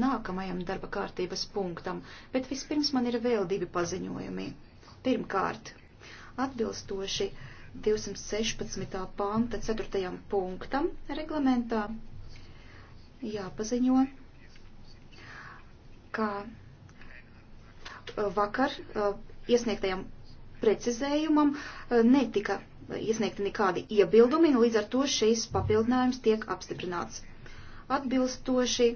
nākamajam darba kārtības punktam, bet vispirms man ir vēl divi paziņojumi. Pirmkārt, atbilstoši 216. panta 4. punktam reglamentā jāpaziņo, ka uh, vakar uh, iesniegtajam precizējumam uh, netika iesniegti nekādi iebildumi, līdz ar to šīs papildinājums tiek apstiprināts. Atbilstoši